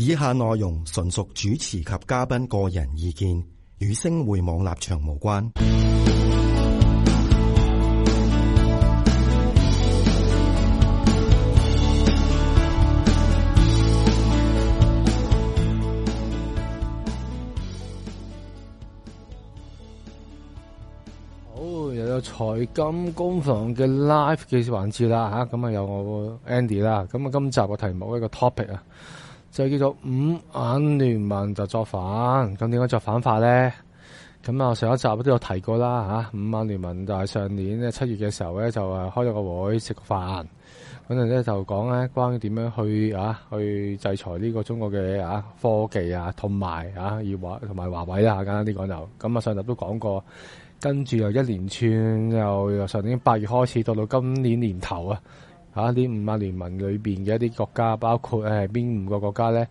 以下內容純屬主持及嘉賓個人意見，與星匯網立場無關。好又有財金工房嘅 live 嘅環節啦。吓咁啊有我 Andy 啦，咁啊今集嘅題目一個 topic 啊。就叫做五眼聯盟就作反，咁點解作反法咧？咁啊上一集都有提過啦、啊、五眼聯盟就係上年咧七月嘅時候咧就開咗個會食飯，咁啊咧就講咧關於點樣去啊去制裁呢個中國嘅啊科技啊同埋啊以華同埋華為啦，簡單啲講就咁啊上集都講過，跟住又一連串又上年八月開始到到今年年頭啊。啊！呢五眼聯盟裏面嘅一啲國家，包括係邊五個國家咧？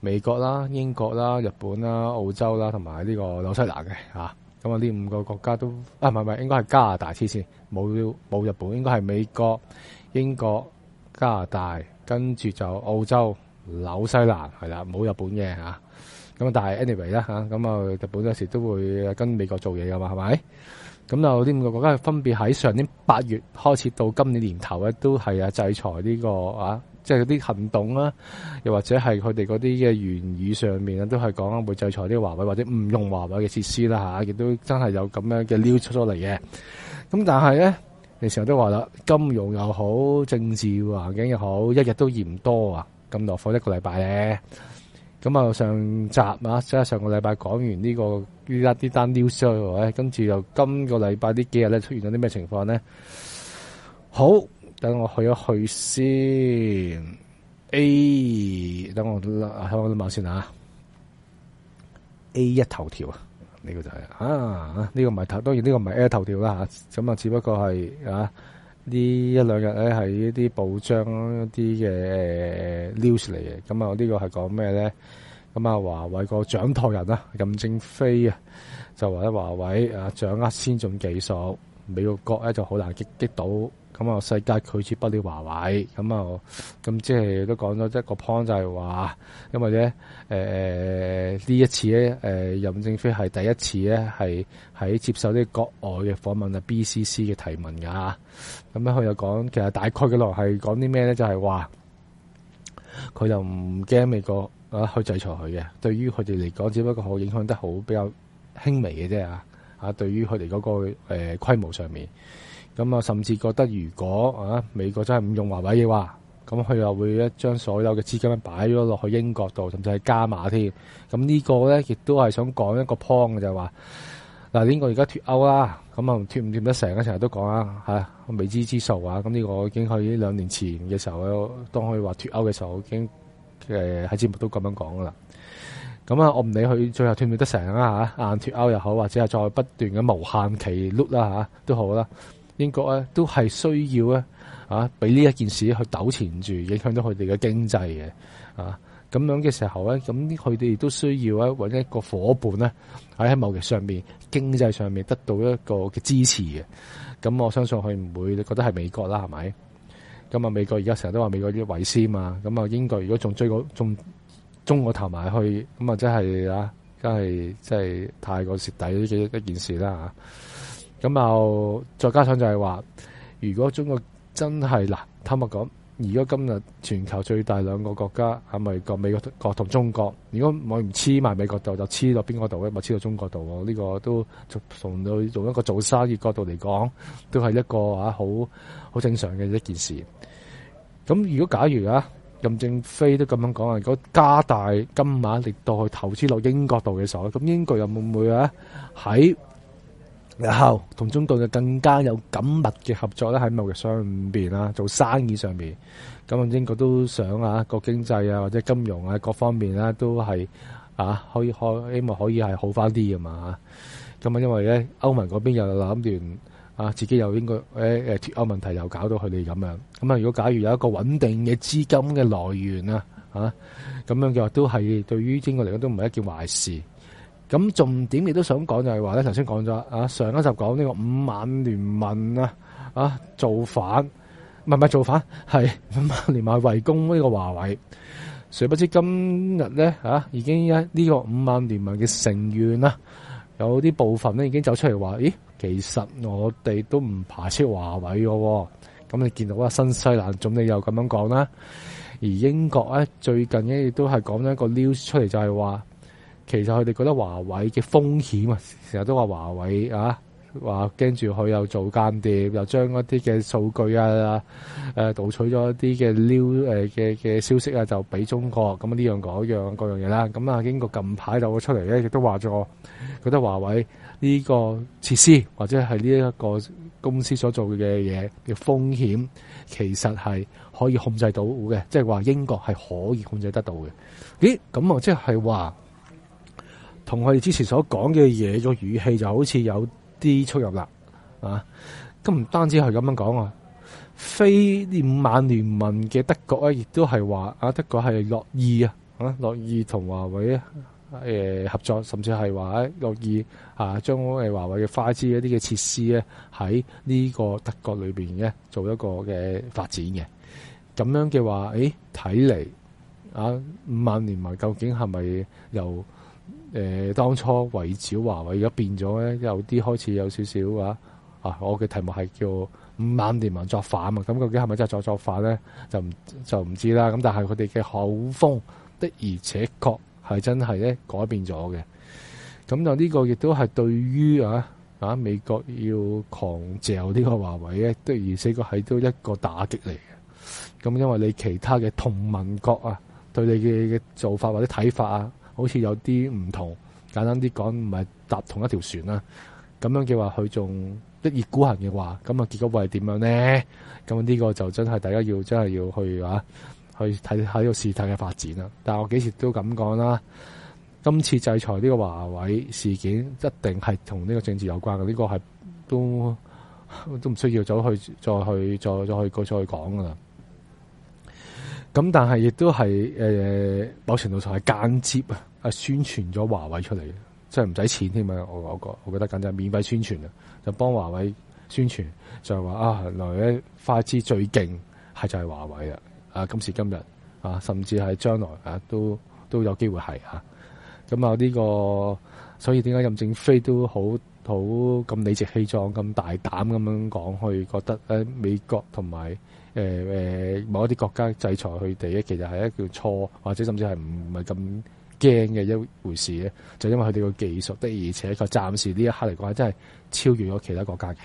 美國啦、英國啦、日本啦、澳洲啦，同埋呢個紐西蘭嘅嚇。咁啊，呢五個國家都啊，唔係唔係，應該係加拿大，黐線，冇冇日本，應該係美國、英國、加拿大，跟住就澳洲、紐西蘭係啦，冇日本嘅嚇。咁、啊、但係 anyway 啦、啊、咁啊，日本有時都會跟美國做嘢噶嘛，係咪？咁呢五個國家分別喺上年八月開始到今年年頭咧，都係啊制裁呢個啊，即係嗰啲行動啦，又或者係佢哋嗰啲嘅言語上面咧，都係講會制裁呢個華為或者唔用華為嘅設施啦。吓、啊，亦都真係有咁樣嘅撩出咗嚟嘅。咁但係咧，你成日都話啦，金融又好，政治環境又好，一日都嫌多啊。咁落課一個禮拜咧。咁啊，我上集啊，即係上個禮拜講完呢、呢個呢一啲單 news 啊，喂，跟住又今個禮拜呢幾日咧出現咗啲咩情況咧？好，等我去一去先 A,。A，等我香港我啲先啊。A 一頭條、呢個就係、啊，呢、呢個就係啊，呢個唔係頭，當然呢個唔係 A 一頭條啦吓，咁啊，只不過係啊。呢一兩日咧係一啲報章一啲嘅 news 嚟嘅，咁啊呢個係講咩咧？咁啊華為個掌舵人啊，任正非啊，就話咧華為啊掌握先進技術，美國國咧就好難擊擊到。咁啊，世界拒絕不了華為咁啊，咁即係都講咗一個 point 就係話，因為咧，呃、呢一次咧、呃，任正非係第一次咧，係喺接受啲國外嘅訪問啊，BCC 嘅提問㗎。咁咧佢又講其實大概嘅落係講啲咩咧？就係話佢就唔驚美國啊去制裁佢嘅，對於佢哋嚟講，只不過好影響得好比較輕微嘅啫啊啊！對於佢哋嗰個、呃、規模上面。咁啊，甚至覺得如果啊，美國真係唔用華為嘅話，咁佢又會一將所有嘅資金擺咗落去英國度，甚至係加碼添。咁呢個咧，亦都係想講一個 point 嘅就係話嗱，呢、啊這個而家脫歐啦，咁啊脫唔脫得成啊？成日都講啦吓，未知之數啊。咁、這、呢個已經喺兩年前嘅時候當佢話脫歐嘅時候，已經呃、喺節目都咁樣講噶啦。咁啊，我唔理佢最後脫唔得成啦吓、啊、硬脫歐又好，或者係再不斷嘅無限期 look 啦、啊啊、都好啦。英國咧、啊、都係需要咧啊，俾呢一件事去糾纏住，影響到佢哋嘅經濟嘅啊。咁樣嘅時候咧，咁佢哋都需要咧、啊、揾一個伙伴咧、啊，喺喺某嘅上面經濟上面得到一個嘅支持嘅。咁我相信佢唔會覺得係美國啦，係咪？咁啊，美國而家成日都話美國要為先啊。咁啊，英國如果仲追過仲中個頭埋去，咁啊真係啊，真係真係太過蝕底咗一一件事啦。咁又再加上就係話，如果中國真係嗱，坦白講，如果今日全球最大兩個國家係咪個美國美國同中國？如果我唔黐埋美國度，就黐落邊個度咧？咪黐到中國度喎。呢、這個都從佢到一個做生意角度嚟講，都係一個啊好好正常嘅一件事。咁如果假如啊，任正非都咁樣講啊，如果加大金額力度去投資落英國度嘅時候，咁英國又會唔會啊喺？然後同中國嘅更加有緊密嘅合作咧，喺貿易上邊啦，做生意上邊，咁啊英國都想啊，個經濟啊或者金融啊各方面啊都係啊可以可希望可以係好翻啲嘅嘛吓。咁啊因為咧歐盟嗰邊又諗完啊自己又應該誒誒、啊、脫歐問題又搞到佢哋咁樣。咁啊如果假如有一個穩定嘅資金嘅來源啊，啊咁樣嘅話都係對於英國嚟講都唔係一件壞事。咁重點，你都想講就係話咧，頭先講咗啊，上一集講呢個五眼聯盟啊，啊造反，唔係唔係造反，係五眼聯盟圍攻呢個華為。誰不知今日咧、啊、已經呢、啊這個五眼聯盟嘅成員啦、啊，有啲部分咧已經走出嚟話，咦，其實我哋都唔排斥華為嘅喎、啊。咁你見到啦、啊，新西蘭總理又咁樣講啦、啊，而英國咧最近咧亦都係講咗一個 news 出嚟，就係話。其實佢哋覺得華為嘅風險啊，成日都話華為啊，話驚住佢又做間諜，又將一啲嘅數據啊，誒盜取咗一啲嘅竊誒嘅嘅消息啊，就俾中國咁呢樣嗰樣各樣嘢啦。咁啊，英國近排就會出嚟咧，亦都話咗，覺得華為呢個設施或者係呢一個公司所做嘅嘢嘅風險，其實係可以控制到嘅，即係話英國係可以控制得到嘅。咦？咁啊，即係話。同我哋之前所講嘅嘢，個語氣就好似有啲出入啦，啊！咁唔單止係咁樣講啊，非五眼聯盟嘅德國咧，亦都係話啊，德國係樂意啊，啊樂意同華為誒、呃、合作，甚至係話喺樂意啊，將誒、呃、華為嘅花枝一啲嘅設施咧，喺呢個德國裏邊咧，做一個嘅發展嘅。咁樣嘅話，誒睇嚟啊，五眼聯盟究竟係咪由……誒、呃，當初圍剿華為而家變咗咧，有啲開始有少少啊，啊、嗯、啊，啊！啊，我嘅題目係叫五眼聯盟作反啊，咁究竟係咪真係作作反咧？就就唔知啦。咁但係佢哋嘅口風的而且確係真係咧改變咗嘅。咁就呢個亦都係對於啊啊美國要狂嚼呢個華為咧、啊、的而且確係都一個打擊嚟嘅。咁因為你其他嘅同盟國啊，對你嘅嘅做法或者睇法啊。好似有啲唔同，簡單啲講唔係搭同一條船啦。咁樣嘅話，佢仲一意孤行嘅話，咁啊結果會係點樣呢？咁呢個就真係大家要真係要去啊，去睇下呢個事態嘅發展啦。但係我幾時都咁講啦，今次制裁呢個華為事件一定係同呢個政治有關嘅，呢個係都都唔需要走去再去再再去再,再去講噶啦。咁但係亦都係誒某程度上係間接啊。啊！宣傳咗華為出嚟，真係唔使錢添嘛？我我、那個、我覺得簡直，免費宣傳啊，就幫華為宣傳，就係話啊來咧，花支最勁係就係華為啦。啊，今時今日啊，甚至係將來啊，都都有機會係啊。咁啊，呢、這個所以點解任正非都好好咁理直氣壯咁大膽咁樣講，去覺得誒、啊、美國同埋誒某一啲國家制裁佢哋咧，其實係一個錯，或者甚至係唔唔係咁。驚嘅一回事咧，就因為佢哋個技術的而且確，暫時呢一刻嚟講，真係超越咗其他國家嘅。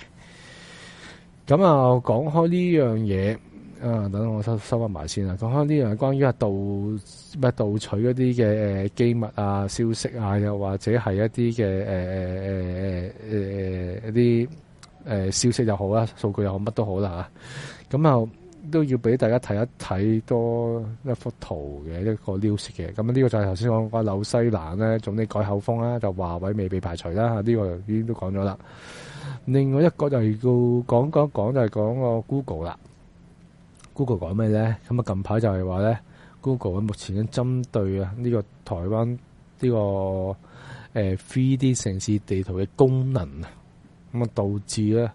咁啊，講開呢樣嘢啊，等我收收翻埋先啊。講開呢樣關於啊盜乜盜取嗰啲嘅誒機密啊、消息啊，又或者係一啲嘅誒誒誒誒一啲誒消息又好啊、數據又好，乜都好啦吓。咁啊。都要俾大家睇一睇多一幅圖嘅一個 news 嘅，咁呢個就係頭先講嗰個紐西蘭咧總理改口風啦，就華為未被排除啦，呢個已經都講咗啦。另外一個就係要講講講就係講個 Google 啦，Google 講咩咧？咁啊近排就係話咧，Google 目前緊針對啊呢個台灣呢個誒 3D 城市地圖嘅功能啊，咁啊導致咧。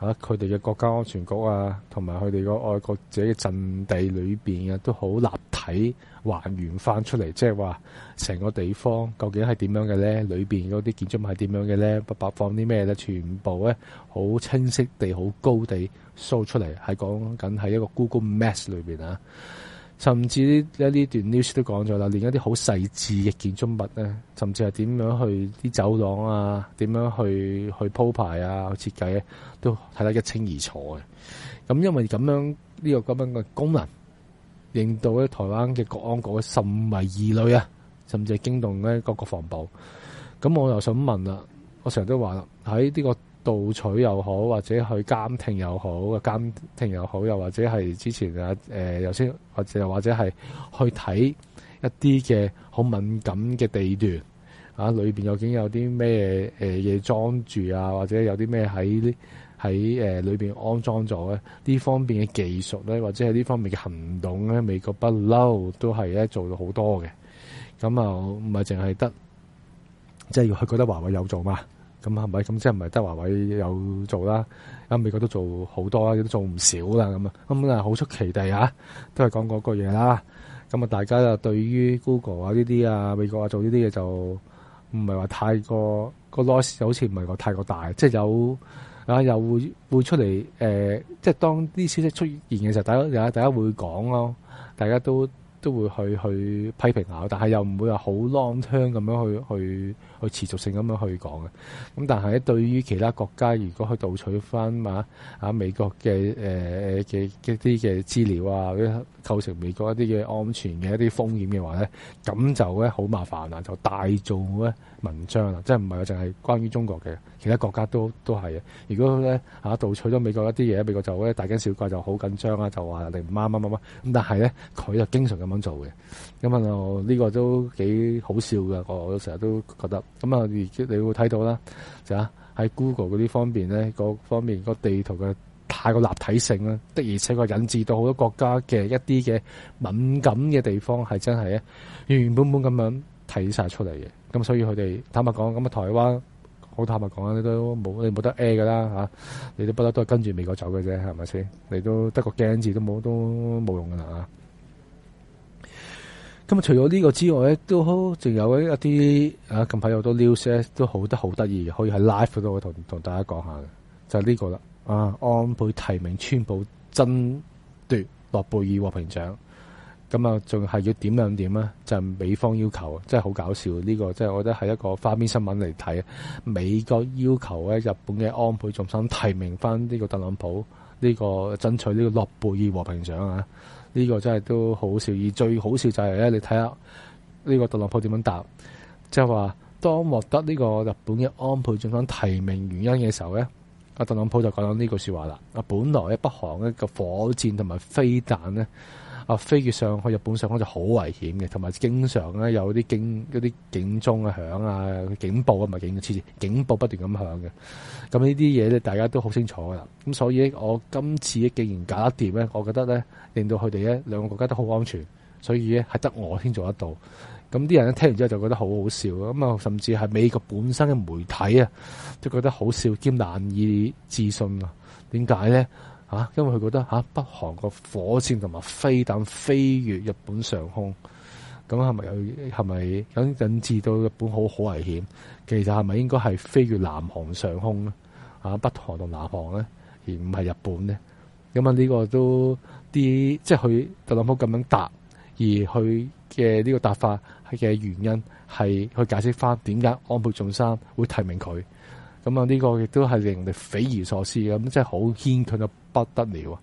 啊！佢哋嘅國家安全局啊，同埋佢哋個愛國者嘅陣地裏邊啊，都好立體還原翻出嚟，即係話成個地方究竟係點樣嘅咧？裏邊嗰啲建築物係點樣嘅咧？不白放啲咩咧？全部咧好清晰地、好高地 show 出嚟，係講緊喺一個 Google Maps 裏邊啊！甚至呢呢段 news 都講咗啦，連一啲好細緻嘅建築物咧，甚至係點樣去啲走廊啊，點樣去去鋪排啊，去設計咧都睇得一清二楚嘅。咁因為咁樣呢個咁樣嘅功能，令到咧台灣嘅國安局甚為疑慮啊，甚至驚動咧各個防部。咁我又想問啦，我成日都話啦喺呢個。盜取又好，或者去監聽又好，監聽又好，又或者係之前啊，誒又先，或者又或者係去睇一啲嘅好敏感嘅地段啊，裏邊究竟有啲咩誒嘢裝住啊，或者有啲咩喺呢喺誒裏邊安裝咗咧？呢方面嘅技術咧，或者喺呢方面嘅行動咧，美國不嬲都係咧做到好多嘅。咁啊，唔係淨係得，即係要佢覺得華為有做嘛？咁係咪咁即係唔係得華為有做啦？咁美國都做好多做啦，都做唔少啦咁啊。咁啊好出奇地啊，都係講嗰個嘢啦。咁啊，啊，大家又對於 Google 啊呢啲啊美國啊做呢啲嘢就唔係話太過個 loss，好似唔係話太過大，即、就、係、是、有啊又會，會出嚟誒，即、呃、係、就是、當啲消息出現嘅時候，大家大家會講咯，大家都都會去去批評下，但係又唔會話好 long term 咁樣去去。去持續性咁樣去講嘅，咁但係咧對於其他國家，如果去盜取翻美國嘅嘅、呃、一啲嘅資料啊，啲構成美國一啲嘅安全嘅一啲風險嘅話咧，咁就咧好麻煩啊，就大做咧文章啦，即係唔係淨係關於中國嘅，其他國家都都係嘅。如果咧嚇盜取咗美國一啲嘢，美國就咧大驚小怪就緊張，就好緊張啦，就話你唔啱乜乜乜。嘛、嗯，咁、嗯、但係咧佢就經常咁樣做嘅，咁啊呢個都幾好笑嘅，我我成日都覺得。咁啊，你會睇到啦，就喺 Google 嗰啲方面咧，各方面個地圖嘅太過立體性啦，的而且確引致到好多國家嘅一啲嘅敏感嘅地方係真係咧，原原本本咁樣睇曬出嚟嘅。咁所以佢哋坦白講，咁啊台灣好坦白講你都冇，你冇得 a 㗎啦吓，你都不嬲都係跟住美國走嘅啫，係咪先？你都得個驚字都冇，都冇用㗎啦吓。咁除咗呢個之外咧，都仲有一啲啊，近排有好多 news 咧，都好得好得意，可以喺 live 度同同大家講下嘅，就係呢個啦。啊，安倍提名川普爭奪諾貝爾和平獎，咁啊，仲係要點樣點咧？就係美方要求，真係好搞笑呢個，即係我覺得係一個花邊新聞嚟睇。美國要求咧日本嘅安倍重新提名翻呢個特朗普呢個爭取呢個諾貝爾和平獎啊！呢個真係都好笑，而最好笑就係咧，你睇下呢個特朗普點樣答，即係話當獲得呢個日本嘅安倍總統提名原因嘅時候咧，阿特朗普就講到呢句說話啦。啊，本來咧北韓一個火箭同埋飛彈咧。啊，飛越上去日本上海就好危險嘅，同埋經常咧有啲警啲警鐘嘅響啊、警報啊，唔係警，次警報不斷咁響嘅。咁呢啲嘢咧，大家都好清楚噶啦。咁所以，我今次既然搞得掂咧，我覺得咧令到佢哋咧兩個國家都好安全。所以咧係得我先做得到。咁啲人咧聽完之後就覺得好好笑。咁啊，甚至係美國本身嘅媒體啊，都覺得好笑兼難以置信啊。點解咧？嚇、啊，因為佢覺得嚇、啊、北韓個火箭同埋飛彈飛越日本上空，咁係咪有係咪引引致到日本好好危險？其實係咪應該係飛越南韓上空咧？嚇、啊，北韓同南韓咧，而唔係日本呢？咁啊，呢個都啲即係佢特朗普咁樣答，而佢嘅呢個答法嘅原因係去解釋翻點解安倍晉三會提名佢。咁啊！呢個亦都係令人哋匪夷所思嘅，咁真係好牽強到不得了。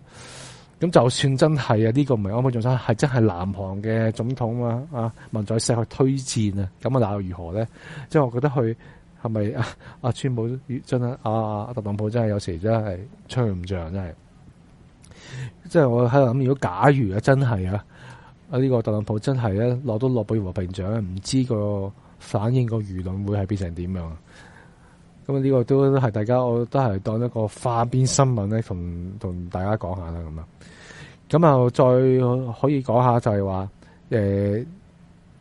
咁就算真係啊，呢個唔係安倍晉三，係真係南韓嘅總統啊！啊，文在寅去推薦啊，咁啊，那又如何咧？即係我覺得佢係咪啊啊，川普真係啊，啊，特朗普真係有時真係吹唔脹，真係。即係我喺度諗，如果假如啊，真係啊啊呢個特朗普真係咧攞到諾貝爾和平獎，唔知個反應個輿論會係變成點樣？咁呢個都係大家，我都係當一個花邊新聞咧，同同大家講下啦，咁啊。咁啊，再可以講下就係話、呃，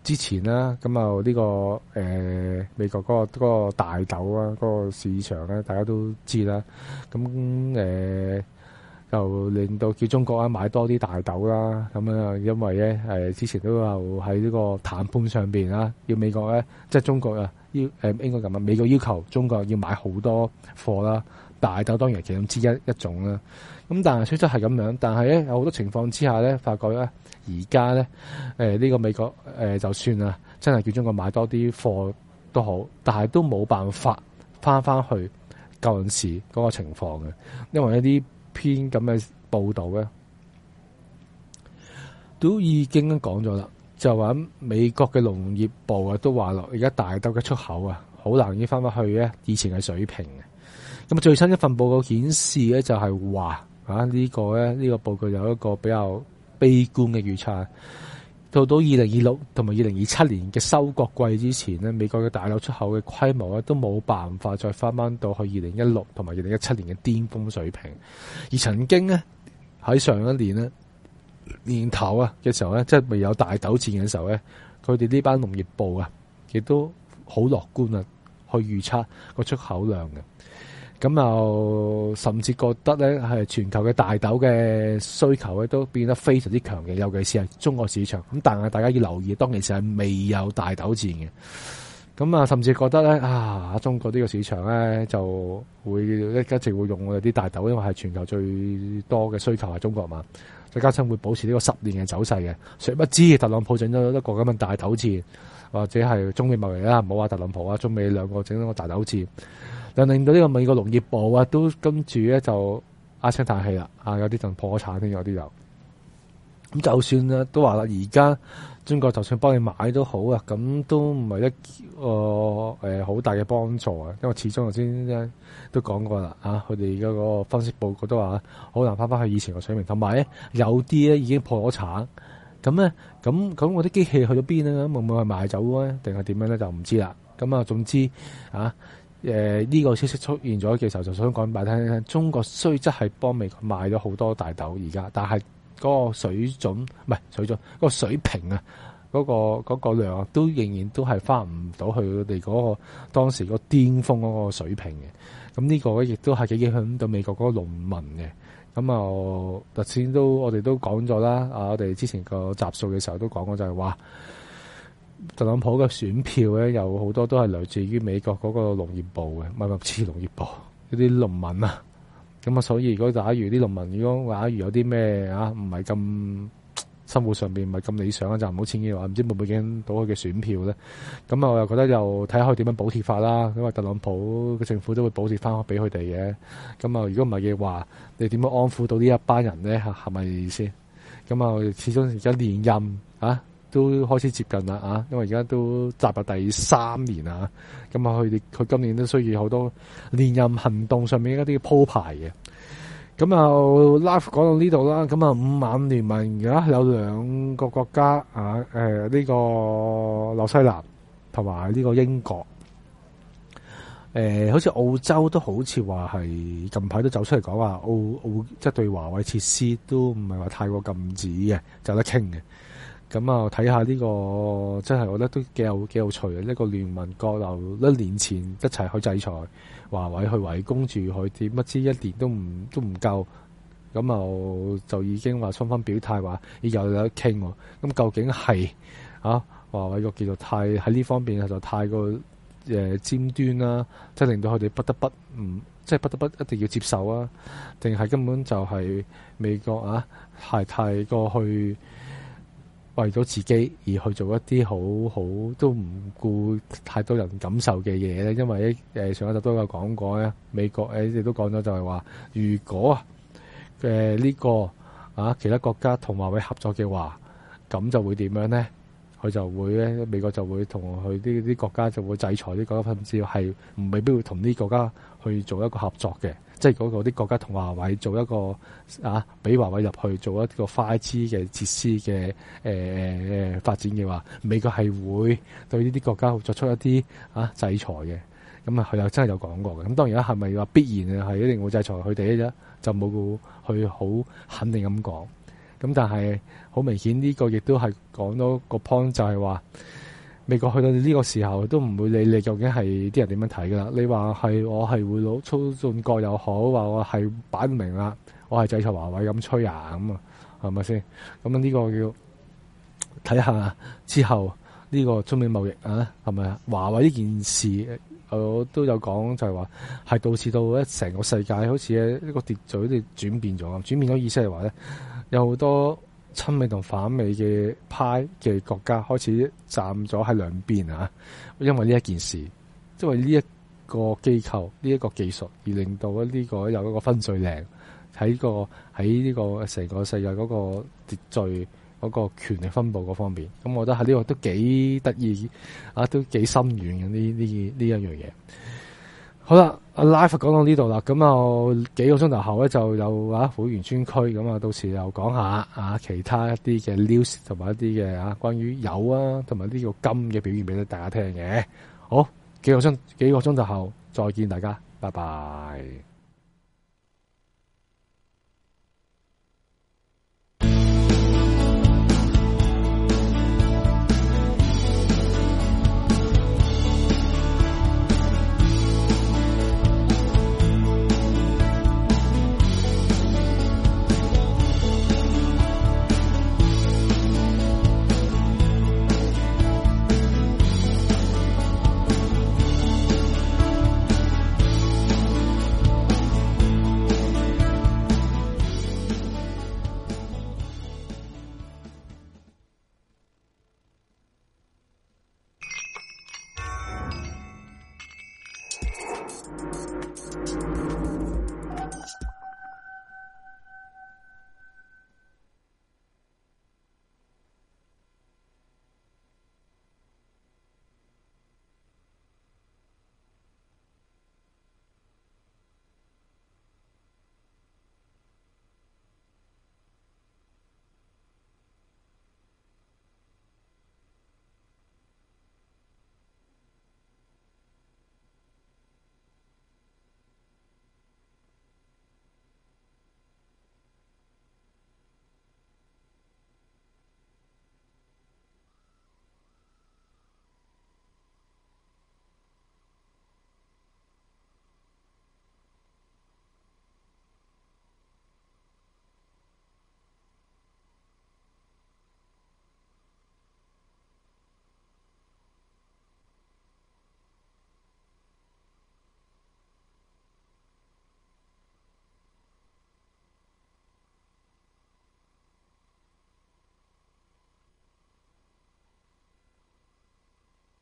之前啦，咁啊呢個、呃、美國嗰個嗰個大豆啊，嗰個市場咧，大家都知啦。咁誒就令到叫中國啊買多啲大豆啦。咁啊，因為咧之前都有喺呢個談判上邊啊，要美國咧即係中國啊。要誒應該咁啊！美國要求中國要買好多貨啦，大豆當然係其中之一一種啦。咁但係雖則係咁樣，但係咧有好多情況之下咧，發覺咧而家咧誒呢、呃呢個美國誒、呃、就算啦，真係叫中國買多啲貨都好，但係都冇辦法翻翻去舊時嗰個情況嘅，因為一啲篇咁嘅報導咧都已經講咗啦。就話美國嘅農業部啊，都話落而家大豆嘅出口啊，好難以翻翻去咧以前嘅水平嘅。咁最新一份報告顯示咧，就係話啊呢個咧呢個報告有一個比較悲觀嘅預測，到到二零二六同埋二零二七年嘅收割季之前呢，美國嘅大豆出口嘅規模咧都冇辦法再翻翻到去二零一六同埋二零一七年嘅巔峰水平。而曾經呢，喺上一年咧。年頭啊嘅時候咧，即係未有大豆戰嘅時候咧，佢哋呢班農業部啊，亦都好樂觀啊，去預測個出口量嘅。咁又甚至覺得咧，係全球嘅大豆嘅需求咧都變得非常之強嘅，尤其是係中國市場。咁但係大家要留意，當其時係未有大豆戰嘅。咁啊，甚至覺得咧啊，中國呢個市場咧就會一直會用我哋啲大豆，因為係全球最多嘅需求係中國嘛。大家生會保持呢個十年嘅走勢嘅，殊不知特朗普整咗一個咁樣大頭佛，或者係中美貿易啦，唔好話特朗普啊，中美兩個整咗個大頭佛，就令到呢個美國農業部啊都跟住咧就唉聲嘆氣啦，啊有啲就破產添，有啲就咁就算啊，都話啦而家。中國就算幫你買都好啊，咁都唔係一個呃、好大嘅幫助啊，因為始終頭先都講過啦，啊，佢哋而家個分析報告都話好難翻返去以前嘅水平，同埋有啲咧已經破咗產，咁咧咁咁我啲機器去咗邊啊？會唔會去買走咧？定係點樣咧？就唔知啦。咁、嗯、啊，總之啊，呢、呃這個消息出現咗嘅時候，就想講埋聽聽，中國雖則係幫美國買咗好多大豆而家，但係。嗰個水準唔係水準，嗰個水平啊，嗰、嗰個嗰、嗰個量、啊、都仍然都係翻唔到去佢哋嗰個當時個巔峯嗰個水平嘅。咁呢個亦、啊、都係幾影響到美國嗰個農民嘅。咁啊，頭先都我哋都講咗啦。啊，我哋之前個集數嘅時候都講過、就是，就係話特朗普嘅選票咧，有好多都係來自於美國嗰個農業部嘅，唔係唔係指農業部嗰啲農民啊。咁啊，所以如果假如啲農民如果假如有啲咩啊，唔係咁生活上邊唔係咁理想啊，就唔好錢嘅話，唔知會唔會影響到佢嘅選票咧？咁啊，我又覺得又睇下佢點樣補貼法啦。因為特朗普嘅政府都會補貼翻俾佢哋嘅。咁啊，如果唔係嘅話，你點樣安撫到這一群人呢一班人咧？嚇係咪先？咁啊，始終而家連任啊。都開始接近啦，因為而家都集入第三年啦，咁啊佢哋，佢今年都需要好多連任行動上面一啲鋪排嘅。咁啊，live 講到呢度啦，咁啊五眼聯盟而家有兩個國家啊，呢、呢個紐西蘭同埋呢個英國。誒、呃，好似澳洲都好似話係近排都走出嚟講話澳澳即對華為設施都唔係話太過禁止嘅，就得傾嘅。咁啊，睇下呢個真係，我覺得都幾有幾有趣呢、呢個聯盟國留一年前一齊去制裁華為去，去圍攻住佢啲，乜知一年都唔都唔夠，咁啊就已經話雙方表態話又有得傾喎。咁究竟係啊華為個叫做太喺呢方面就太過誒尖端啦，即係令到佢哋不得不唔即係不得不一定要接受啊？定係根本就係美國啊太太過去？為咗自己而去做一啲好好都唔顧太多人感受嘅嘢咧，因為誒上一集都有講過咧，美國誒亦都講咗就係話，如果誒呢個啊其他國家同華為合作嘅話，咁就會點樣咧？佢就會咧，美國就會同佢啲啲國家就會制裁呢個分，唔知係未必會同呢國家去做一個合作嘅，即係嗰個啲國家同華為做一個啊，俾華為入去做一個 5G 嘅設施嘅誒、呃、發展嘅話，美國係會對呢啲國家作出一啲啊制裁嘅，咁啊佢又真係有講過嘅，咁當然啦，係咪話必然係一定會制裁佢哋呢？一就冇去好肯定咁講。咁，但係好明顯呢個亦都係講到個 point，就係話美國去到呢個時候都唔會理你究竟係啲人點樣睇噶啦。你話係我係會攞操縱國又好，話我係擺唔明啦，我係制裁華為咁吹啊咁啊，係咪先？咁呢個要睇下之後呢個中美貿易啊，係咪啊？華為呢件事我都有講，就係話係導致到咧成個世界好似一個秩序好似轉變咗啊，轉變咗意思係話咧。有好多親美同反美嘅派嘅國家開始站咗喺兩邊啊！因為呢一件事，即係呢一個機構、呢、這、一個技術而令到呢個有一個分水嶺喺、這個喺呢個成個世界嗰個秩序嗰、那個權力分布嗰方面，咁我覺得喺呢個都幾得意啊，都幾深遠嘅呢呢呢一樣嘢。好啦。啊，live 講到呢度啦，咁啊幾個鐘頭後咧就有啊，會員專區咁啊，到時又講下啊其他一啲嘅 news 同埋一啲嘅啊關於油啊同埋呢個金嘅表現俾大家聽嘅。好，幾個鐘幾個鐘頭後再見大家，拜拜。